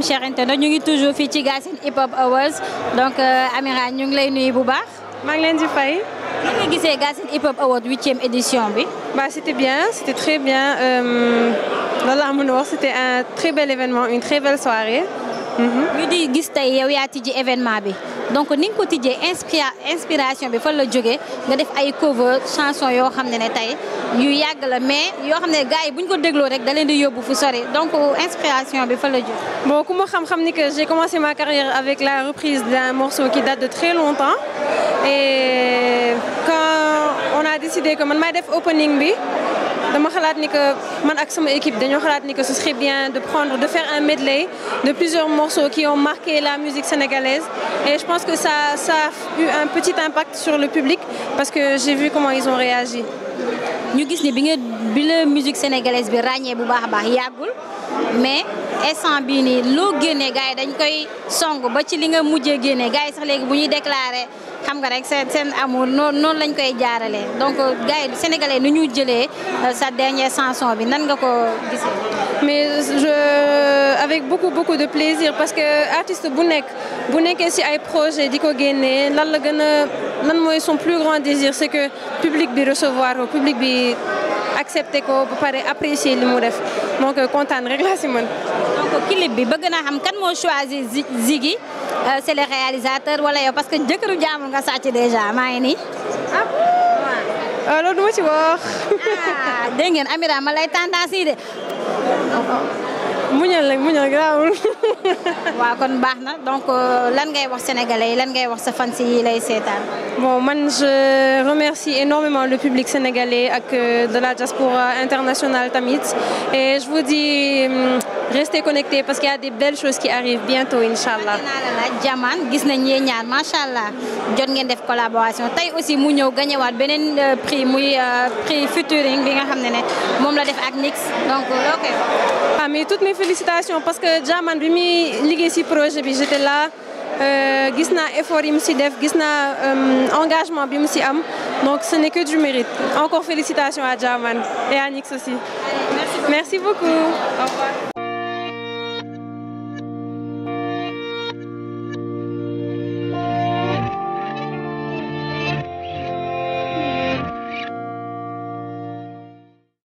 salaamaaleykum chers internautes ñu ngi toujours fii ci Galsen Hip Hop Awards donc euh, Amira ñu ngi lay nuy bu baax. maa ngi leen di fay. ñu ngi gisee Galsen Hip Hop Awards huitième édition bi. bah c'était bien c'était très bien euh, loolu laa a wax c'était un très bel événement une très belle soirée. Mhm. ñu di gis tey yow yaa tijji événement bi. donc ni nga ko tijjee inspira inspiration bi fan la jógee nga def ay cover chanson yoo xam ne ne tey yu yàgg la mais yoo xam ne gars yi bu ñu ko dégloo rek da leen di yóbbu fu sori donc inspiration bi fan la jógee. bon ku ma xam-xam ni que j'ai commencé ma carrière avec la reprise d'un morceau qui date de très longtemps et quand on a décidé que man may def opening bi. dama xalaat ni que man ak sama équipe dañoo xalaat ni que ce serait bien de prendre de faire un medley de plusieurs morceaux qui ont marqué la musique sénégalaise et je pense que ça a eu un petit impact sur le public parce que j'ai vu comment ils ont réagi. ñu gis ni bi nga bi la musique sénégalaise bi ràññee bu baax a baax yàggul mais. instant bii nii loo génnee gars yi dañ koy song ba ci li nga mujjee génnee gars yi sax léegi bu ñuy déclaré xam nga rek seen seen noon noonu lañ koy jaarale donc gars yi sénégalais nu ñu jëlee euh, sa dernière chanson bi nan nga ko gisee. mais je avec beaucoup beaucoup de plaisir parce que artiste bu nekk bu nekkee si ay projet di ko génnee lan la gën a lan mooy son plus grand désir c'est que public bi recevoir ko public bi. accepté ko ba pare apprécier li mu def donc kontaan rek laa si mën. donc clip bi bëgg naa xam kan moo choisir Ziggy euh, c'est le réalisateur parce que jëkkëru jaamul nga sàcc déjà maa ngi nii. ah euh, ma ci wax. ah dégg Amira ma lay tendance de. muñal rek muñal garaawul. waaw kon baax na donc euh, lan ngay wax sénégalais yi lan ngay wax sa fansi yi lay seetaan. bon man je remercie énormément le public sénégalais ak euh, de la diaspora internationale tamit et je vous dis restez connectés parce qu'il y a des belles choses qui arrivent bientôt incha allah. jaman gis nañ yee ñaar macha allah jot ngeen def collaboration tey aussi mu ñëw gañewaat beneen euh, prix muy prix Futuring bi nga xam ne ne moom la def ak Nix donc loo koy wax. félicitations parce que Jaman bi muy liggéey si projet bi j'étais là euh, gis naa effort yi mu ci def gis naa euh, engagement bi mu ci am donc ce n'est que du mérite encore félicitations à Jaman et à Nix aussi merci beaucoup